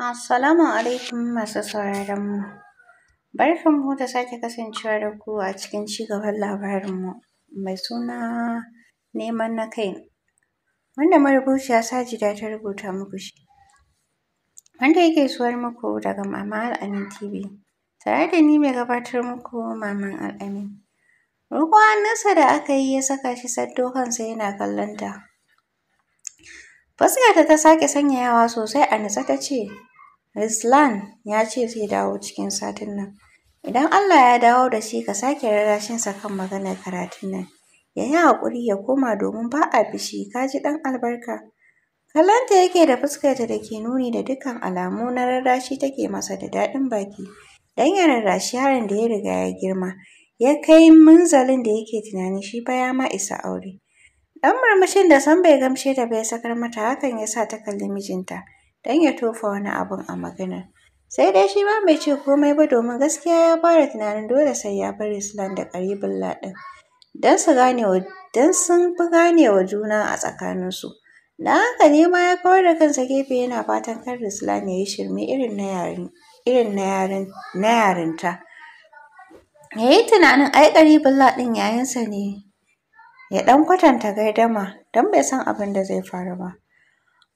Assalamu alaikum masu sauraron mu. Barkan mu da sake kasancewa da ku a cikin cigaban labarin mu mai suna neman na kai. Wanda marubuciya Sajida ta rubuta muku shi. Wanda yake suwar muku daga Mama Al'amin TV. Tare da ni mai gabatar muku Maman Al'amin. Roƙon nasa da aka yi ya saka shi saddo kansa yana kallon ta. Fuskarta ta sake sanyayawa sosai a nutse ta ce Rislan ya ce zai dawo cikin satin nan. Idan Allah ya dawo da shi ka sake rarrashinsa kan maganar karatun nan. Ya yi haƙuri ya koma domin ba a bishi ka ji ɗan albarka. Kallonta yake da fuskarta da ke nuni da dukkan alamu na rarrashi take masa da daɗin baki. Dan ya rarrashi harin da ya riga ya girma. Ya kai munzalin da yake tunanin shi ba ya ma isa aure. Ɗan murmushin da san bai gamshe da bai sakar mata hakan ya sa ta kalli mijinta. don ya tofa wani abun a maganar. Sai dai shi ma bai ce komai ba domin gaskiya ya fara tunanin dole sai ya bar Sulan da karibin ɗin Dan su gane don sun fi gane wa juna a tsakaninsu. na haka ne ma ya kawar da kansa gefe yana fatan kar Ruslan ya yi shirme irin na yaren irin na yarinta. Ya yi tunanin ai Karibullah ɗin yayansa ne ya ɗan kwatanta gardama don bai san abin da zai faru ba.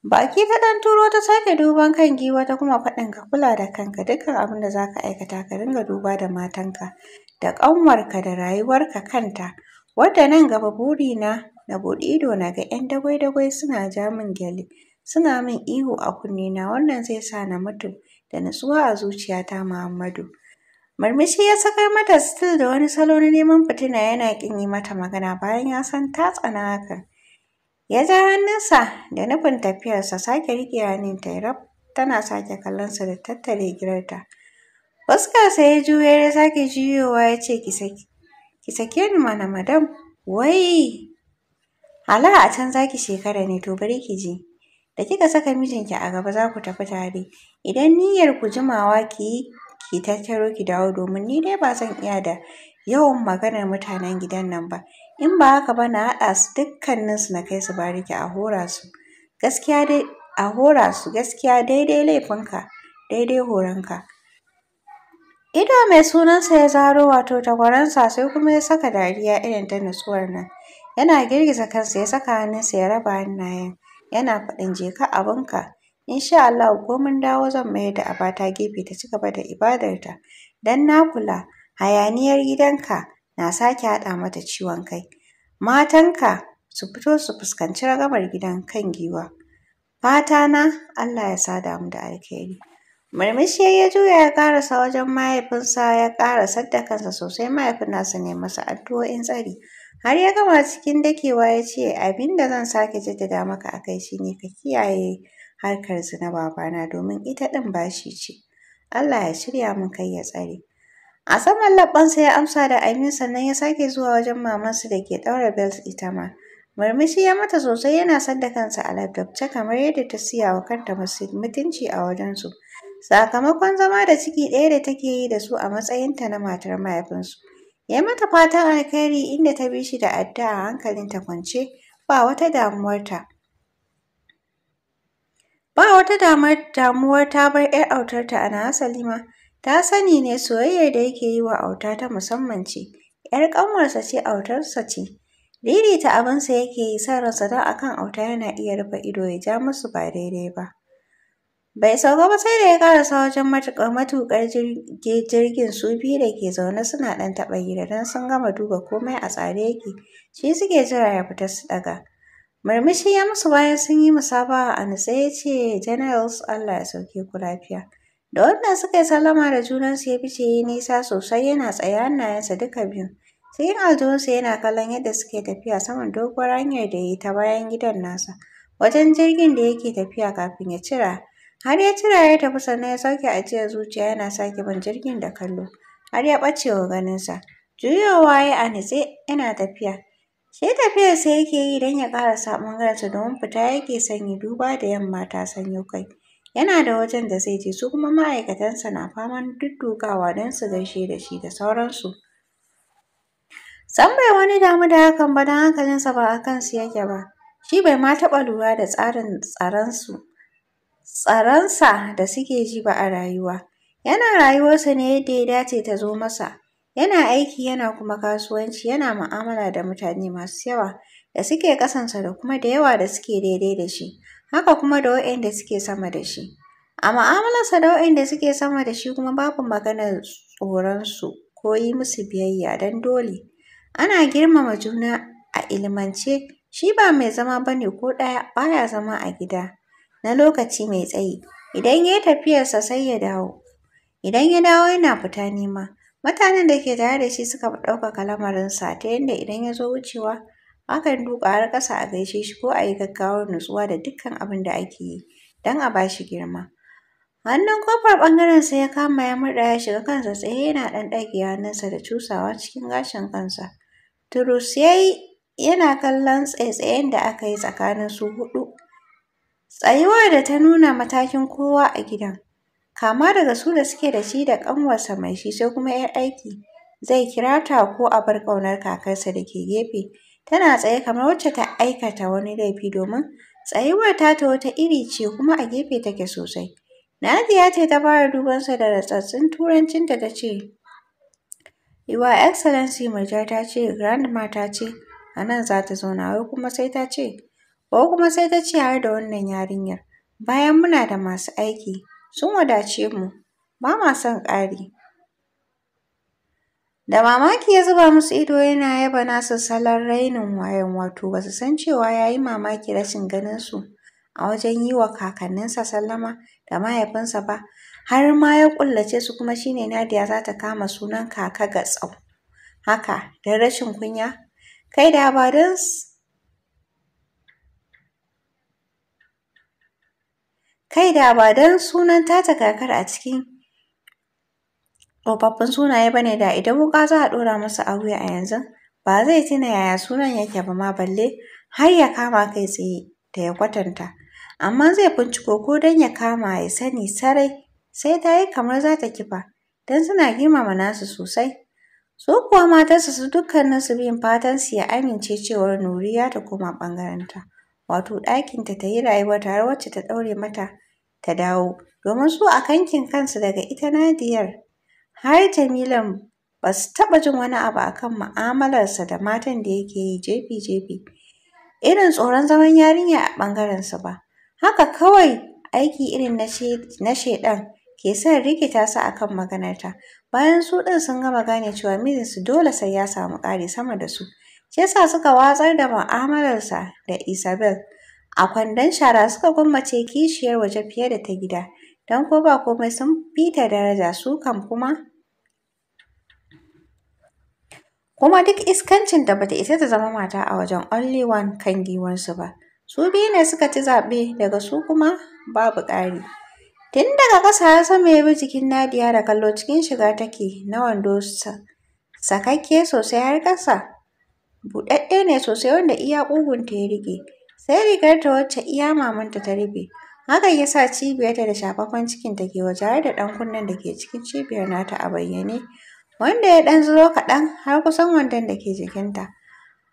Baki ta ɗan turo ta sake duban kan giwa ta kuma faɗin ka kula da kanka dukkan abin da za ka aikata ka dinga duba da matanka da ƙanwarka da rayuwarka kanta. Wadda nan gaba burina na buɗe ido na ga 'yan dagwai-dagwai suna ja min gyale suna min ihu a kunne na wannan zai sa na mutu da natsuwa a zuciyata Muhammadu. Murmushi ya sakar mata stil da wani salo na neman fitina yana ƙin yi mata magana bayan ya san ta tsana hakan. Ya ja hannunsa da nufin tafiyarsa sake riƙe hannunta rab tana sake kallonsa da tattare girarta. Fuskarsa ya juya ya sake juyowa ya ce ki sake ni mana madam wai hala a can zaki shekara ne to bari ki je. Da kika saka mijinki a gaba za ku tafi tare idan niyyar ku jimawa ki yi ki tattaro ki dawo domin ni dai ba zan iya da yawan maganar mutanen gidan nan ba. in ba haka ba na haɗa su dukkaninsu na kai su bariki a hora su gaskiya dai a hora su gaskiya daidai laifinka daidai horonka ido mai sunansa ya zaro wato tagwaransa sai kuma ya saka dariya irin ta nutsuwar nan yana girgiza kansa ya saka hannunsa ya raba hannayen yana faɗin je ka abinka insha Allah ko mun dawo zan mayar da abata gefe ta ci gaba da ibadarta dan na kula hayaniyar gidanka na sake haɗa mata ciwon kai. Matan ka su fito su fuskanci ragamar gidan kan giwa. Fata na Allah ya sada mu da alkhairi. Murmushi ya juya ya karasa wajen mahaifinsa ya karasar da kansa sosai mahaifin nasa ne masa addu'o'in tsari. Har ya gama cikin dakewa ya ce abin da zan sake jaddada maka a kai shine ka kiyaye harkar zina babana domin ita ɗin bashi ce. Allah ya shirya min kai ya tsare. A saman labbansa ya amsa da amin sannan ya sake zuwa wajen mamansu da ke ɗaura bels ita ma. Murmushi ya mata sosai yana san da kansa a labdabce kamar yadda ta siya wa kanta mutunci a wajensu. Sakamakon zama da ciki ɗaya da take yi da su a matsayinta na matar mahaifinsu. Ya mata fatan alkhairi inda ta bi shi da addu'a a hankalinta kwance ba wata damuwarta. Ba wata damuwar ta bar ‘yar autarta a na Salima Ta sani ne soyayyar da yake yi wa auta ta musamman ce, ‘yar ƙanwarsa ce autarsa ce. ta abinsa yake yi son ransa don akan auta yana iya rufe ido ya ja musu ba daidai ba. Bai sauka ba sai da ya sa wajen matuƙar jirgin su biyu da ke zaune suna ɗan taɓa gida don sun gama duba komai a tsare yake, shi suke jira ya fita su ɗaga. Murmushi ya musu bayan sun yi musabaha a nutse ya ce, Generals Allah ya sauke ku lafiya. Da wannan suka yi sallama da junansu ya fice yi nisa sosai yana tsaye hannayensa duka biyu. Sai yin yana kallon yadda suke tafiya saman doguwar hanyar da yayi ta bayan gidan nasa. Wajen jirgin da yake tafiya kafin ya cira. Har ya cira ya tafi sannan ya sauke ajiyar zuciya yana sake bin jirgin da kallo. Har ya ɓace wa sa, Juyowa ya a nitse yana tafiya. Sai tafiyarsa yake yi don ya ƙara ƙarasa ɓangarensa domin fita yake son duba da yamma ta sanyo kai. yana da wajen da zai je su kuma ma'aikatansa na faman duddukawa don su gaishe da shi da sauransu sambai bai wani damu da hakan ba don hankalinsa ba a kansu yake ba shi bai ma taɓa lura da tsarin tsaronsu tsaronsa da suke ji ba a rayuwa yana rayuwarsa ne yadda ya dace ta zo masa yana aiki yana kuma kasuwanci yana ma'amala da mutane masu yawa da suke kasansa da kuma da yawa da suke daidai da shi haka kuma da waɗanda suke sama da shi. A ma'amalarsa da waɗanda suke sama da shi kuma babu maganar tsoronsu ko yi musu biyayya don dole. Ana girmama juna a ilimance, shi ba mai zama ba ne ko ɗaya ba ya zama a gida na lokaci mai tsayi. Idan ya yi tafiyarsa sai ya dawo. Idan ya dawo yana fita nema. Mutanen da ke tare da shi suka ɗaukaka lamarinsa ta yadda idan ya zo wucewa Akan duka har kasa a gaishe shi ko a yi gaggawar nutsuwa da dukkan abin da ake yi don a bashi girma. Hannun kofar ɓangarensa ya kama ya murɗa ya shiga kansa tsaye yana ɗan ɗage hannunsa da cusawa cikin gashin kansa. Turus ya yi yana kallon tsaitsayen da aka yi tsakanin su hudu Tsayuwar da ta nuna matakin kowa a gidan. Kama daga su da suke da shi da ƙanwarsa mai shi sai kuma 'yar aiki. Zai kira ta ko a bar ƙaunar kakarsa da ke gefe. Tana tsaye kamar wacce ta aikata wani laifi domin tsayuwar tata wata iri ce kuma a gefe take sosai. Nadia ce ta fara dubansa da ratsatsin da ta ce, Your Excellency Maja ta ce, Grandma ta ce, a nan za ta zauna, wai kuma sai ta ce, wai kuma sai ta ce har da wannan yarinyar. Bayan muna da masu aiki, sun wadace mu, ba ma son ƙari. Da mamaki ya zuba musu ido yana yaba nasa salon rainin wayan wato ba su san cewa ya yi mamaki rashin ganin su a wajen yi wa kakanninsa sallama da mahaifinsa ba, har ma ya kullace su kuma shine ne Nadiya za ta kama sunan kaka ga tsau. Haka, don rashin kunya, kai da ba Kai da sunan tata kakar a cikin tsofaffin sunaye ba ne da idan wuƙa za a ɗora masa a a yanzu ba zai tuna yaya sunan yake ba ma balle har ya kama kai tsaye da ya kwatanta amma zai binciko ko don ya kama ya sani sarai sai ta yi kamar za ta kifa don suna girmama nasu sosai su kuwa matarsa su dukkanin su biyun fatan su ya amince cewar nuriya ta koma ɓangarenta wato ɗakinta ta yi rayuwa tare wacce ta ɗaure mata ta dawo domin su a kankin kansu daga ita nadiyar har Jamilan ba su taɓa jin wani abu akan mu'amalarsa da matan da yake yi jefi-jefi irin tsoron zaman yarinya a ɓangarensu ba. Haka kawai aiki irin na shaiɗan ke son rikita su a kan maganarta. Bayan su ɗin sun gama gane cewa mijinsu dole sai ya samu ƙari sama da su. Shi suka watsar da mu'amalarsa da Isabel. A kwandon shara suka gwammace kishiyar waje fiye da ta gida. Don ko ba komai sun fita daraja su kam kuma kuma duk iskancin da bata isa ta zama mata a wajen only one kan giwarsu ba su biyu ne suka ci zaɓe daga su kuma babu ƙari tun daga ƙasa ya sama ya bi jikin nadiya da kallo cikin shiga take na wando sakakke sosai har ƙasa buɗaɗɗe ne sosai wanda iya ƙugunta ya riƙe sai rigar ta wacce iya mamanta ta rufe Haka ya sa cibiyarta da shafaffen cikinta ke waje har da ɗan kunnen da ke cikin cibiyar nata a bayyane wanda ya ɗan zuro kaɗan har kusan wandon da ke jikinta.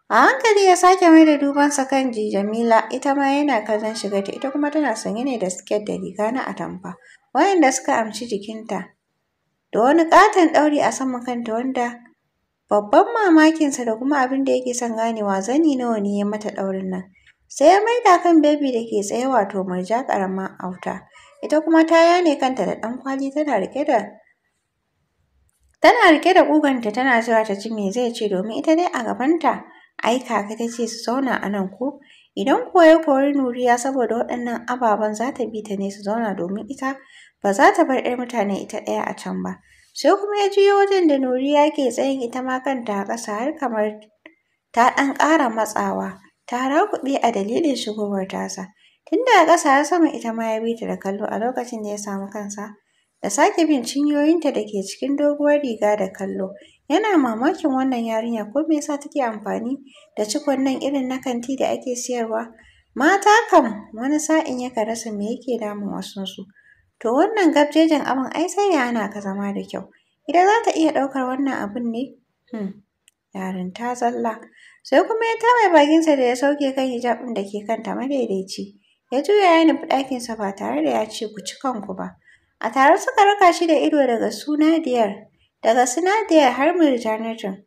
A hankali ya sake mai da dubansa kan Jamila, ita ma yana kallon shigarta, ita kuma tana sanye ne da siket da riga na atamfa, wayanda suka amshi jikinta. Da wani ƙaton ɗauri a saman kanta wanda babban mamakinsa da kuma abin da yake son ganewa zani nawa ne ya mata ɗaurin nan. Sai ya maida kan bebi da ke tsaye wato murja ƙaramin auta, ita kuma ta yane kanta da ɗan kwali tana rike da Tana rike da ƙuganta tana jira ta ji me zai ce domin ita dai a gabanta ai kaka ta ce su zauna a nan ko. Idan kuwa ya kori Nuriya saboda waɗannan ababen za ta bi ta ne su zauna domin ita ba za ta bar 'yar mutane ita ɗaya a can ba. Sai kuma ya juyo wajen da Nuriya ke tsayin ita ma kanta a ƙasa har kamar ta ɗan ƙara matsawa. Ta rakuɓe a dalilin shigowar tasa. Tun daga ƙasa har sama ita ma ya bi ta da kallo a lokacin da ya samu kansa da sake bin cinyoyinta da ke cikin doguwar riga da kallo. Yana mamakin wannan yarinya ko me yasa take amfani da cikon irin na kanti da ake siyarwa. Mata kam wani sa'in yakan rasa me yake damun wasunsu. To wannan gabjejin abin ai sai ya hana ka zama da kyau. Idan za ta iya ɗaukar wannan abin ne? Hmm, yarinta zalla. Sai kuma ya taɓa bakinsa da ya sauke kan hijab ɗin da ke kanta madaidaici. Ya juya ya nufi ɗakinsa ba tare da ya ce ku ci kanku ba. A tare suka raka shi da ido daga sunadiyar, daga sunadiyar har Murjanatin.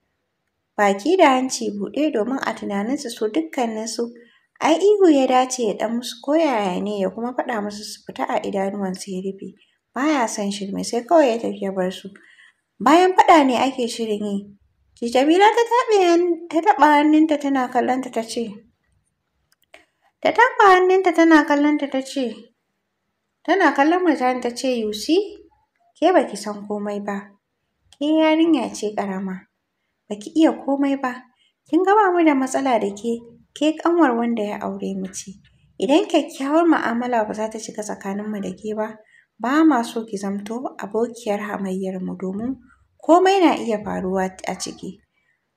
Baki da hanci buɗe domin a tunanin su dukkaninsu, ai ihu ya dace ya ɗan musu ko yaya ne ya kuma faɗa musu su fita a idanuwansu ya rufe. baya ya son shirme sai kawai ya tafi ya bar su. Bayan faɗa ne ake shirin yi. Jamila ta taɓa hannunta tana kallonta ta ta taɓa hannunta tana kallonta ta ce, Tana kallon Murjani ta ce, Yusi, ke baki san komai ba, ke yarinya ce ƙarama, baki iya komai ba, kin ga ba mu da matsala da ke, ke ƙanwar wanda ya aure mu ce. Idan kyakkyawar mu'amala ba za ta shiga mu da ke ba, ba ma so ki zamto abokiyar hamayyar mu domin komai na iya faruwa a ciki.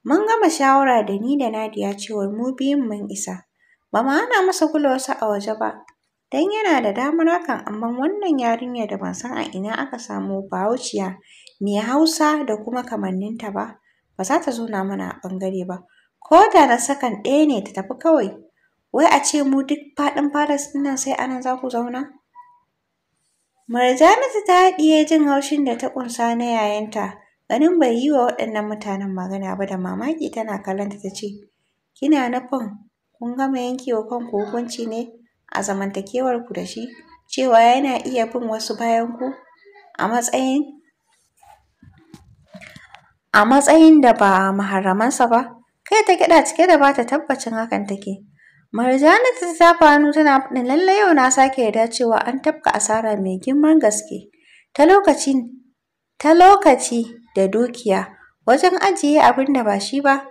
Mun gama shawara da ni da Nadiya cewa mu biyun mun isa, ba mu hana masa kula wasu a waje ba. Dan yana da damar hakan amma wannan yarinyar da ban san a ina aka samo Bahaushiya me Hausa da kuma kamanninta ba, ba za ta zauna mana a ɓangare ba. Ko da na sakan ɗaya ne ta tafi kawai. Wai a ce mu duk faɗin Paris ɗin nan sai anan nan za ku zauna? Murjanatu ta haɗiye jin haushin da ta ƙunsa na yayanta. Ganin bai yi wa waɗannan mutanen magana ba da mamaki tana kallonta ta ce, Kina nufin kun gama yankewa wa kanku hukunci ne? a zamantakewar ku da shi cewa yana iya bin wasu bayan ku a matsayin a matsayin da ba maharamansa ba kai ta gyaɗa cike da bata tabbacin hakan take Marjana ta ta hannu tana faɗin lalle yau na sake da cewa an tafka asara mai girman gaske ta lokaci ta lokaci da dukiya wajen ajiye abin da ba shi ba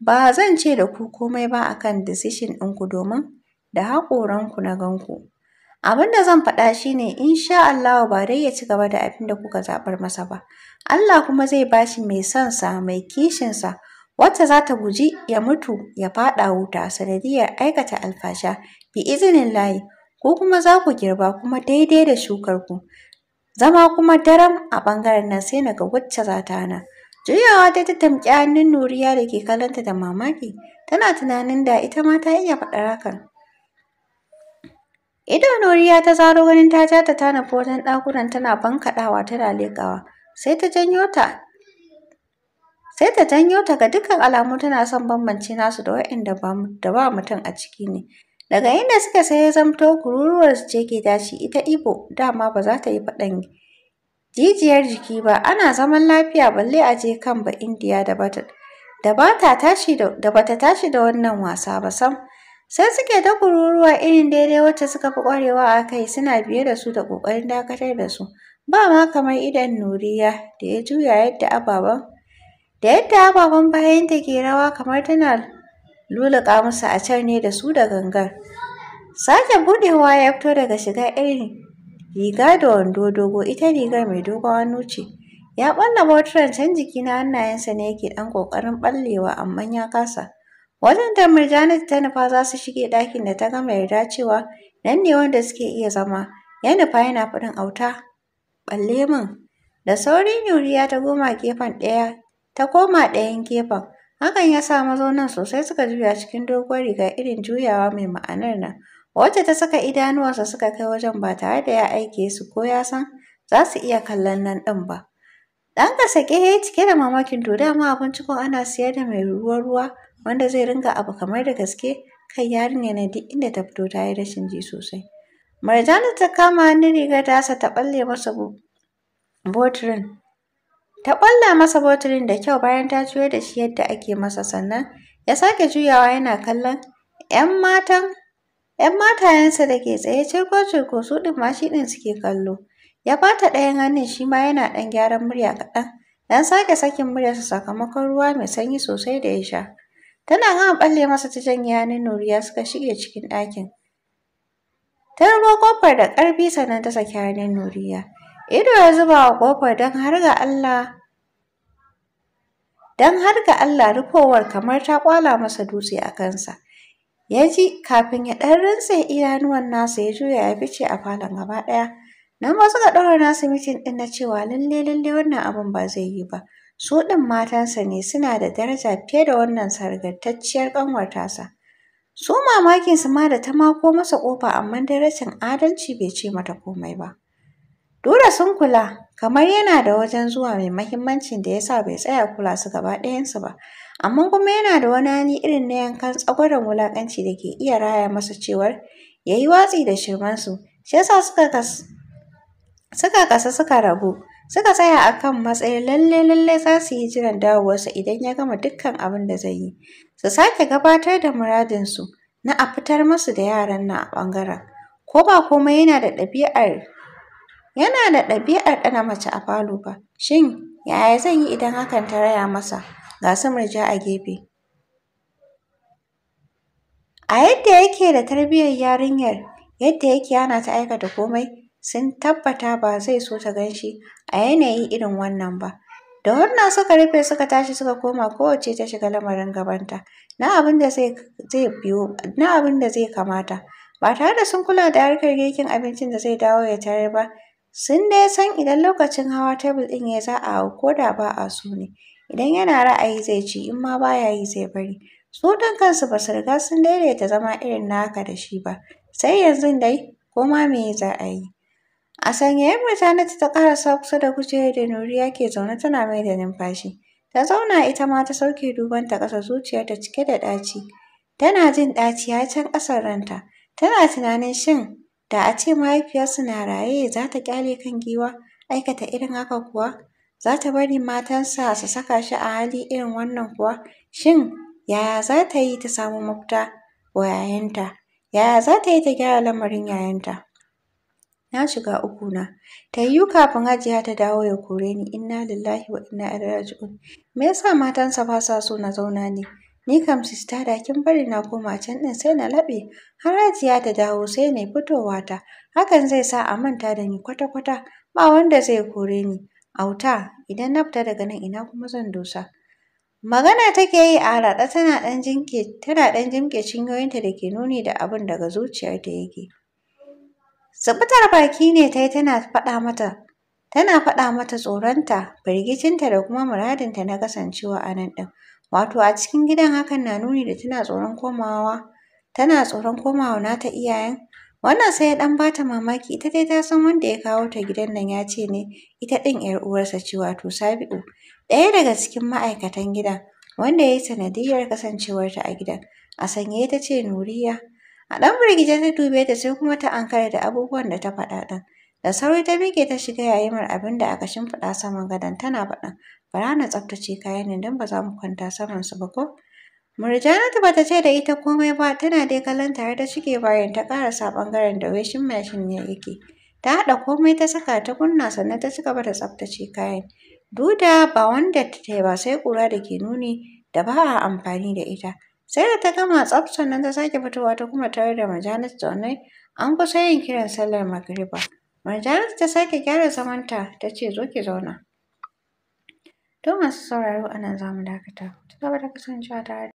ba zan ce da ku komai ba akan decision ɗinku domin da haƙoranku na ganku. Abin da zan faɗa shi ne insha Allahu ba dai ya ci gaba da abin da kuka zaɓar masa ba. Allah kuma zai ba shi mai sonsa mai kishinsa wacce za ta guji ya mutu ya faɗa wuta sanadiyar aikata alfasha bi izinin layi ko kuma za ku girba kuma daidai da shukarku. Zama kuma daram a ɓangaren nan sai na ga wacce za ta hana. Juyawa ta ta tamƙi hannun Nuriya da ke kallonta da mamaki, tana tunanin da ita ma ta iya faɗar hakan. Ido Noriya ta zaro ganin ta ja ta tana fotan ɗakunan tana bankaɗawa tana lekawa Sai ta janyo ta sai ta janyo ta ga dukkan alamu tana son bambance nasu da waanda da ba mutum a ciki ne. Daga inda suka sai zamto kururuwar su ce ke tashi ita Ibo dama ba za ta yi faɗan jijiyar jiki ba ana zaman lafiya balle a je kan ba Indiya da bata da bata tashi da bata tashi da wannan wasa ba sam. Sai suke ta kururuwa irin daidai wacce suka fi ƙwarewa a kai suna biye da su da ƙoƙarin dakatar da su. Ba ma kamar idon Nuriya da ya juya yadda ababen da yadda ababen bayanta ke rawa kamar tana luluƙa musu a can ne da su da gangar. Sake buɗewa ya fito daga shiga irin riga da wando dogo ita rigar mai dogon hannu ce ya ɓalla wata can jiki na hannayensa ne yake ɗan ƙoƙarin ɓallewa amma ya kasa Wajen da ta nufa za su shige ɗakin da ta gama yarda cewa nan ne wanda suke iya zama. Ya nufa yana faɗin auta, ɓalle min. Da sauri Nuriya ta goma gefen ɗaya, ta koma ɗayan gefen. Hakan ya sa mazaunan sosai suka juya cikin doguwar riga irin juyawa mai ma'anar nan. Wacce ta saka idanuwansa suka kai wajen ba tare da ya aike su ko ya san za su iya kallon nan ɗin ba. Ɗan ka sake ya yi cike da mamakin to dama cikin ana siyar da mai ruwa-ruwa wanda zai ringa abu kamar da gaske kai yarinyar na duk inda ta fito ta yi rashin ji sosai. Marjanu ta kama hannun rigar tasa ta ɓalle masa botirin. Ta ɓalla masa botirin da kyau bayan ta juyar da shi yadda ake masa sannan ya sake juyawa yana kallon 'yan matan ‘yan matayensa da ke tsaye cirko-cirko su ɗin ma shi ɗin suke kallo. Ya bata ɗayan hannun shi ma yana ɗan gyaran murya kaɗan don sake sakin muryarsa sakamakon ruwa mai sanyi sosai da ya sha. Tana gama balle masa ta janya hannun Nuriya suka shige cikin ɗakin. Ta rubo ƙofar da ƙarfi sannan ta saki hannun Nuriya. Ido ya zuba wa ƙofar don har ga Allah don har ga Allah rufowar kamar ta kwala masa dutse a kansa. Ya ji kafin ya ɗan rintse idanuwan nasa ya juya ya fice a falon gaba ɗaya. Nan ba suka ɗaura nasa mitin ɗin na cewa lalle lalle wannan abin ba zai yi ba. Su ɗin matansa ne suna da daraja fiye da wannan sargantacciyar ƙanwar tasa. Su mamakinsu ma da ta mako masa ƙofa amma dai adalci bai ce mata komai ba. Dora sun kula, kamar yana da wajen zuwa mai mahimmancin da ya sa bai tsaya kula su gaba ɗayansu ba, amma kuma yana da wani hali irin na yankan tsagwaron wulaƙanci da ke iya raya masa cewar ya yi watsi da shirmansu, shi ya sa suka kasa suka rabu. Suka tsaya a kan matsayin lalle-lalle za su yi jiran dawowarsa idan ya gama dukkan abin da zai yi. Su sake gabatar da muradinsu na a fitar masu da yaran nan a ɓangaren. Ko ba komai yana da ɗabi'ar yana da ɗabi'ar ɗana mace a falo ba. Shin yaya zan yi idan hakan ta raya masa? Ga su a gefe. A yadda yake da tarbiyyar yarinyar, yadda yake hana ta aikata komai, sun tabbata ba zai so ta gan shi a yanayi irin wannan ba. Da wannan suka rufe suka tashi suka koma kowace ta shiga lamarin gabanta na abin da zai na abin da zai kamata. Ba tare da sun kula da harkar girkin abincin da zai dawo ya tare ba, sun dai san idan lokacin hawa tebur ɗin ya za a hau ko da ba a so ne. Idan yana ra'ayi zai ci in ma ba ya yi zai bari. Su ɗin kansu ba su riga sun daidaita zama irin naka da shi ba, sai yanzu dai ko ma me za a yi. A sanyaye Birtaniyya ta sa kusa da kujerar da Nuriya ke zaune tana mai da numfashi. Ta zauna ita ma ta sauke dubanta ƙasa zuciyarta cike da ɗaci. Tana jin ɗaci ya can ƙasar ranta. Tana tunanin shin da a ce mahaifiyarsu na raye za ta ƙyale kan giwa aikata irin haka kuwa? Za ta bari matansa su saka shi a hali irin wannan kuwa? Shin yaya za ta yi ta samu mafita wa yayanta? Yaya za ta yi ta gyara lamarin yayanta? na shiga uku na ta yiwu kafin hajiya ta dawo ya kore ni inna lillahi wa inna ilaihi raji'un me yasa matansa ba sa so na zauna ne ni kam sista da kin bari na koma can ɗin, sai na laɓe har hajiya ta dawo sai na fitowa ta hakan zai sa a manta da ni kwata kwata ba wanda zai kore ni auta idan na fita daga nan ina kuma zan dosa magana take yi a raɗa tana ɗan jinke tana ɗan jimƙe cinyoyinta da ke nuni da abin daga zuciyarta yake Zubutar baki ne ta yi tana faɗa mata tana faɗa mata tsoronta, firgicinta da kuma muradinta na kasancewa a nan ɗin. Wato a cikin gidan hakan na nuni da tana tsoron komawa tana tsoron komawa nata iyayen. Wannan sai ya ɗan bata mamaki ita dai ta san wanda ya kawo ta gidan nan ya ce ne ita ɗin ‘yar uwarsa ce wato Sabi'u, ɗaya daga cikin ma'aikatan gidan wanda ya yi sanadiyyar kasancewarta a gidan. A sanye ta ce Nuriya A ɗan firgice ta dube ta sai kuma ta ankara da abubuwan da ta faɗa ɗin. Da sauri ta bike ta shiga yayimar abin da aka shimfiɗa saman gadon tana faɗin bara na tsaftace kayan nan don ba za mu kwanta saman su ba ko. Murjanatu bata ce da ita komai ba tana dai kallon tare da shige bayan ta ƙarasa ɓangaren da weshin mashin ne yake. Ta haɗa komai ta saka ta kunna sannan ta ci gaba da tsaftace kayan. Duda ba wanda ta yi ba sai ƙura da ke nuni da ba a amfani da ita. Sai da ta gama tsaf sannan ta sake fitowa ta kuma tare da Marjanatu zaune an kusa yin kiran sallar magriba. majalis ta sake gyara zamanta ta ce zo ki zauna. To masu sauraro a nan za mu dakata. ta gaba da kasancewa tare